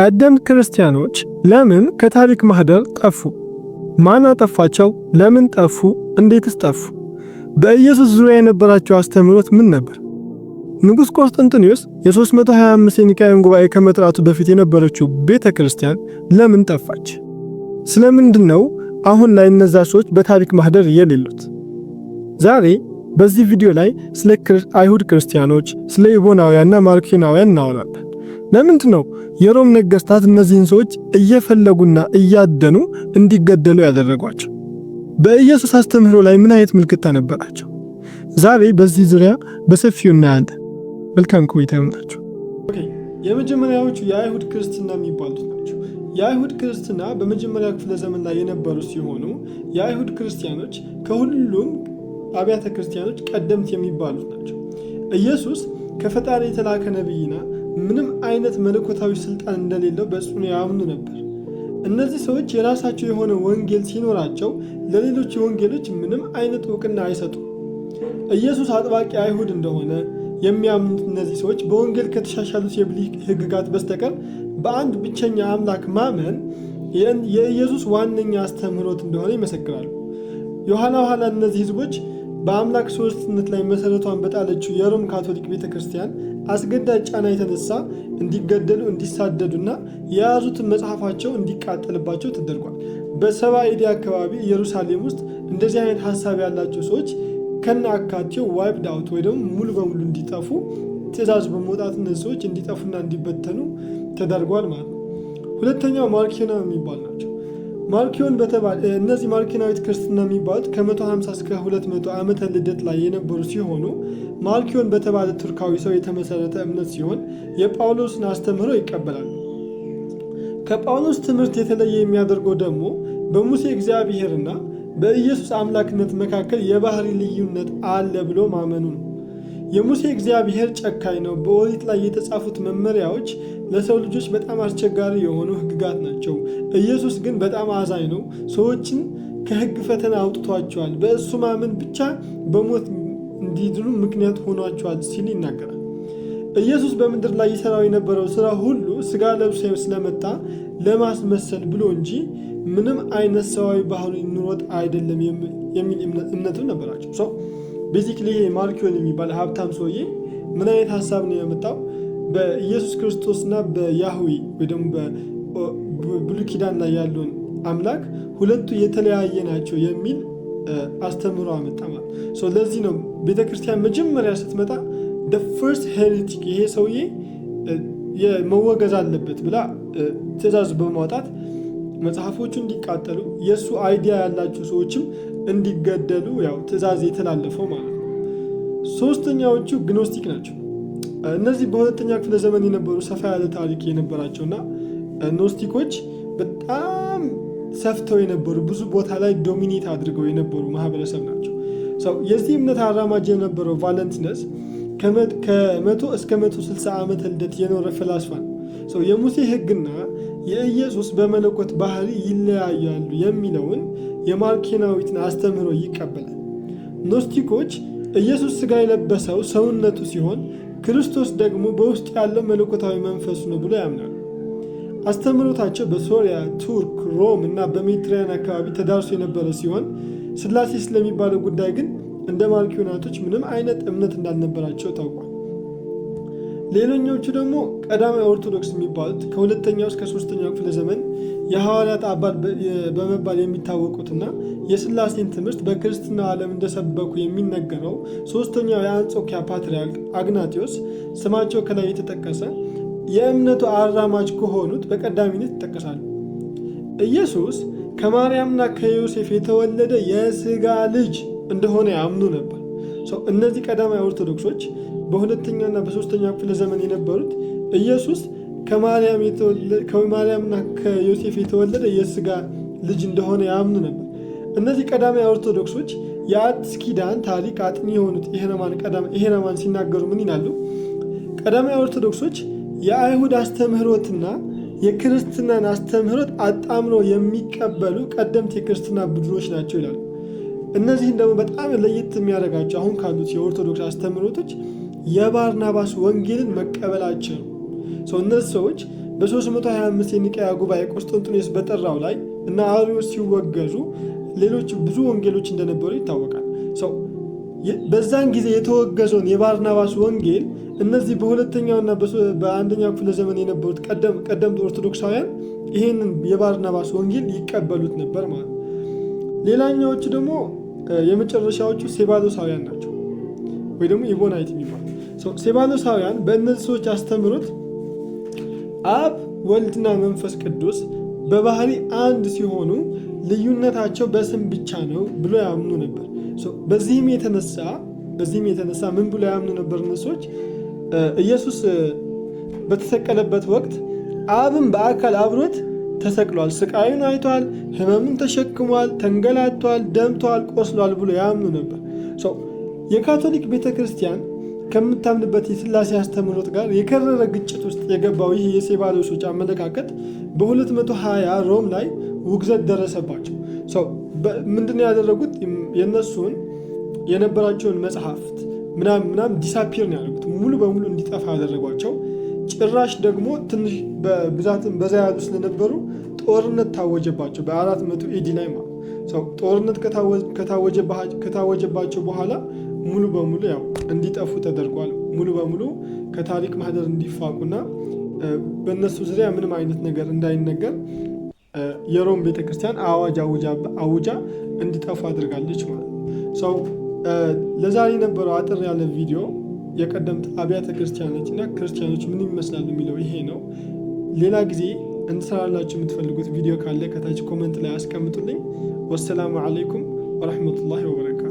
ቀደምት ክርስቲያኖች ለምን ከታሪክ ማህደር ጠፉ? ማን አጠፋቸው? ለምን ጠፉ? እንዴትስ ጠፉ? በኢየሱስ ዙሪያ የነበራቸው አስተምህሮት ምን ነበር? ንጉሥ ቆስጠንጢኖስ የ325 የኒቃያን ጉባኤ ከመጥራቱ በፊት የነበረችው ቤተ ክርስቲያን ለምን ጠፋች? ስለምንድን ነው አሁን ላይ እነዛ ሰዎች በታሪክ ማህደር የሌሉት? ዛሬ በዚህ ቪዲዮ ላይ ስለ አይሁድ ክርስቲያኖች፣ ስለ ኢቦናውያንና ማርኪናውያን እናወራለን። ለምንድን ነው የሮም ነገስታት እነዚህን ሰዎች እየፈለጉና እያደኑ እንዲገደሉ ያደረጓቸው? በኢየሱስ አስተምህሮ ላይ ምን አይነት ምልክታ ነበራቸው? ዛሬ በዚህ ዙሪያ በሰፊው እናያለን። መልካም ቆይታ ይሆንላችሁ። የመጀመሪያዎቹ የአይሁድ ክርስትና የሚባሉት ናቸው። የአይሁድ ክርስትና በመጀመሪያ ክፍለ ዘመን ላይ የነበሩ ሲሆኑ የአይሁድ ክርስቲያኖች ከሁሉም አብያተ ክርስቲያኖች ቀደምት የሚባሉት ናቸው። ኢየሱስ ከፈጣሪ የተላከ ነቢይና ምንም አይነት መለኮታዊ ስልጣን እንደሌለው በጽኑ ያምኑ ነበር። እነዚህ ሰዎች የራሳቸው የሆነ ወንጌል ሲኖራቸው ለሌሎች ወንጌሎች ምንም አይነት እውቅና አይሰጡም። ኢየሱስ አጥባቂ አይሁድ እንደሆነ የሚያምኑት እነዚህ ሰዎች በወንጌል ከተሻሻሉት የብሉይ ሕግጋት በስተቀር በአንድ ብቸኛ አምላክ ማመን የኢየሱስ ዋነኛ አስተምህሮት እንደሆነ ይመሰክራሉ። የኋላ ኋላ እነዚህ ሕዝቦች በአምላክ ሶስትነት ላይ መሰረቷን በጣለችው የሮም ካቶሊክ ቤተ ክርስቲያን አስገዳጅ ጫና የተነሳ እንዲገደሉ እንዲሳደዱና የያዙትን መጽሐፋቸው እንዲቃጠልባቸው ተደርጓል። በሰባ ኢዲ አካባቢ ኢየሩሳሌም ውስጥ እንደዚህ አይነት ሀሳብ ያላቸው ሰዎች ከነ አካቴው ዋይፕ ዳውት ወይ ደግሞ ሙሉ በሙሉ እንዲጠፉ ትእዛዝ በመውጣት እነዚህ ሰዎች እንዲጠፉና እንዲበተኑ ተደርጓል ማለት ነው። ሁለተኛው ማርኪናዊ የሚባል ናቸው። ማልኪዮን በተባለ እነዚህ ማልኪናዊት ክርስትና የሚባሉት ከ150 እስከ 200 ዓመተ ልደት ላይ የነበሩ ሲሆኑ ማልኪዮን በተባለ ቱርካዊ ሰው የተመሰረተ እምነት ሲሆን የጳውሎስን አስተምህሮ ይቀበላል። ከጳውሎስ ትምህርት የተለየ የሚያደርገው ደግሞ በሙሴ እግዚአብሔርና በኢየሱስ አምላክነት መካከል የባህሪ ልዩነት አለ ብሎ ማመኑ ነው። የሙሴ እግዚአብሔር ጨካኝ ነው፣ በኦሪት ላይ የተጻፉት መመሪያዎች ለሰው ልጆች በጣም አስቸጋሪ የሆኑ ህግጋት ናቸው። ኢየሱስ ግን በጣም አዛኝ ነው። ሰዎችን ከህግ ፈተና አውጥቷቸዋል። በእሱ ማመን ብቻ በሞት እንዲድኑ ምክንያት ሆኗቸዋል ሲል ይናገራል። ኢየሱስ በምድር ላይ ይሰራው የነበረው ስራ ሁሉ ስጋ ለብሶ ስለመጣ ለማስመሰል ብሎ እንጂ ምንም አይነት ሰዋዊ ባህሉ ኑሮት አይደለም የሚል እምነትም ነበራቸው። ሰው ቤዚክሊ ማርኪዮን የሚባል ሀብታም ሰውዬ ምን አይነት ሀሳብ ነው የመጣው? በኢየሱስ ክርስቶስና በያህዌ ወይ ደግሞ በብሉይ ኪዳን ላይ ያለውን አምላክ ሁለቱ የተለያየ ናቸው የሚል አስተምሮ አመጣማል። ለዚህ ነው ቤተክርስቲያን መጀመሪያ ስትመጣ ደ ፈርስት ሄሬቲክ ይሄ ሰውዬ መወገዝ አለበት ብላ ትእዛዝ በማውጣት መጽሐፎቹ እንዲቃጠሉ የእሱ አይዲያ ያላቸው ሰዎችም እንዲገደሉ ያው ትእዛዝ የተላለፈው ማለት ነው። ሶስተኛዎቹ ግኖስቲክ ናቸው። እነዚህ በሁለተኛ ክፍለ ዘመን የነበሩ ሰፋ ያለ ታሪክ የነበራቸውና ኖስቲኮች በጣም ሰፍተው የነበሩ ብዙ ቦታ ላይ ዶሚኔት አድርገው የነበሩ ማህበረሰብ ናቸው። የዚህ እምነት አራማጅ የነበረው ቫለንቲነስ ከመቶ እስከ መቶ ስልሳ ዓመተ ልደት የኖረ ፈላስፋ ነው። ሰው የሙሴ ህግና የኢየሱስ በመለኮት ባህሪ ይለያያሉ የሚለውን የማርኬናዊትን አስተምህሮ ይቀበላል። ኖስቲኮች ኢየሱስ ስጋ የለበሰው ሰውነቱ ሲሆን ክርስቶስ ደግሞ በውስጡ ያለው መለኮታዊ መንፈስ ነው ብሎ ያምናል። አስተምህሮታቸው በሶሪያ፣ ቱርክ፣ ሮም እና በሜዲትራያን አካባቢ ተዳርሶ የነበረ ሲሆን ስላሴ ስለሚባለው ጉዳይ ግን እንደ ማልኪዮናቶች ምንም አይነት እምነት እንዳልነበራቸው ታውቋል። ሌሎኞቹ ደግሞ ቀዳማዊ ኦርቶዶክስ የሚባሉት ከሁለተኛው እስከ ሶስተኛው ክፍለ ዘመን የሐዋርያት አባት በመባል የሚታወቁትና የስላሴን ትምህርት በክርስትና ዓለም እንደሰበኩ የሚነገረው ሶስተኛው የአንጾኪያ ፓትርያርክ አግናጢዮስ ስማቸው ከላይ የተጠቀሰ የእምነቱ አራማጅ ከሆኑት በቀዳሚነት ይጠቀሳሉ። ኢየሱስ ከማርያምና ከዮሴፍ የተወለደ የሥጋ ልጅ እንደሆነ ያምኑ ነበር። ሰው እነዚህ ቀዳማዊ ኦርቶዶክሶች በሁለተኛና በሶስተኛ ክፍለ ዘመን የነበሩት ኢየሱስ ከማርያምና ከዮሴፍ የተወለደ የስጋ ልጅ እንደሆነ ያምኑ ነበር። እነዚህ ቀዳማዊ ኦርቶዶክሶች የአዲስ ኪዳን ታሪክ አጥኚ የሆኑት ይሄነማን ሲናገሩ ምን ይላሉ? ቀዳማዊ ኦርቶዶክሶች የአይሁድ አስተምህሮትና የክርስትናን አስተምህሮት አጣምሮ የሚቀበሉ ቀደምት የክርስትና ቡድኖች ናቸው ይላሉ። እነዚህን ደግሞ በጣም ለየት የሚያደርጋቸው አሁን ካሉት የኦርቶዶክስ አስተምህሮቶች የባርናባስ ወንጌልን መቀበላቸው ሰው እነዚህ ሰዎች በ325 የኒቅያ ጉባኤ ቆስጠንጢኖስ በጠራው ላይ እና አሪዎች ሲወገዙ ሌሎች ብዙ ወንጌሎች እንደነበሩ ይታወቃል። ሰው በዛን ጊዜ የተወገዘውን የባርናባስ ወንጌል እነዚህ በሁለተኛውና በአንደኛው ክፍለ ዘመን የነበሩት ቀደምት ኦርቶዶክሳውያን ይህንን የባርናባስ ወንጌል ይቀበሉት ነበር ማለት ነው። ሌላኛዎቹ ደግሞ የመጨረሻዎቹ ሴባሎሳውያን ናቸው፣ ወይ ደግሞ ኢቦናይት የሚባሉ ሴባሎሳውያን በእነዚህ ሰዎች አስተምሮት አብ ወልድና መንፈስ ቅዱስ በባህሪ አንድ ሲሆኑ ልዩነታቸው በስም ብቻ ነው ብሎ ያምኑ ነበር። በዚህም የተነሳ በዚህም የተነሳ ምን ብሎ ያምኑ ነበር? እነሶች ኢየሱስ በተሰቀለበት ወቅት አብም በአካል አብሮት ተሰቅሏል፣ ስቃዩን አይቷል፣ ህመምን ተሸክሟል፣ ተንገላቷል፣ ደምቷል፣ ቆስሏል ብሎ ያምኑ ነበር። የካቶሊክ ቤተ ክርስቲያን ከምታምንበት የስላሴ አስተምህሮት ጋር የከረረ ግጭት ውስጥ የገባው ይህ የሴባሪዎሶች አመለካከት በ220 ሮም ላይ ውግዘት ደረሰባቸው። ሰው ምንድን ያደረጉት የእነሱን የነበራቸውን መጽሐፍት ምናምን ምናምን ዲሳፒር ነው ያደረጉት፣ ሙሉ በሙሉ እንዲጠፋ ያደረጓቸው። ጭራሽ ደግሞ ትንሽ በብዛትም በዛ ያሉ ስለነበሩ ጦርነት ታወጀባቸው በ400 ኤዲ ላይ ማለት ሰው ጦርነት ከታወጀባቸው በኋላ ሙሉ በሙሉ ያው እንዲጠፉ ተደርጓል። ሙሉ በሙሉ ከታሪክ ማህደር እንዲፋቁና በእነሱ ዙሪያ ምንም አይነት ነገር እንዳይነገር የሮም ቤተክርስቲያን አዋጅ አውጃ እንዲጠፉ አድርጋለች ማለት ነው። ለዛሬ የነበረው አጥር ያለ ቪዲዮ የቀደምት አብያተ ክርስቲያኖች እና ክርስቲያኖች ምን ይመስላሉ የሚለው ይሄ ነው። ሌላ ጊዜ እንድሰራላችሁ የምትፈልጉት ቪዲዮ ካለ ከታች ኮመንት ላይ አስቀምጡልኝ። ወሰላሙ አለይኩም ወረሕመቱላሂ ወበረካቱ።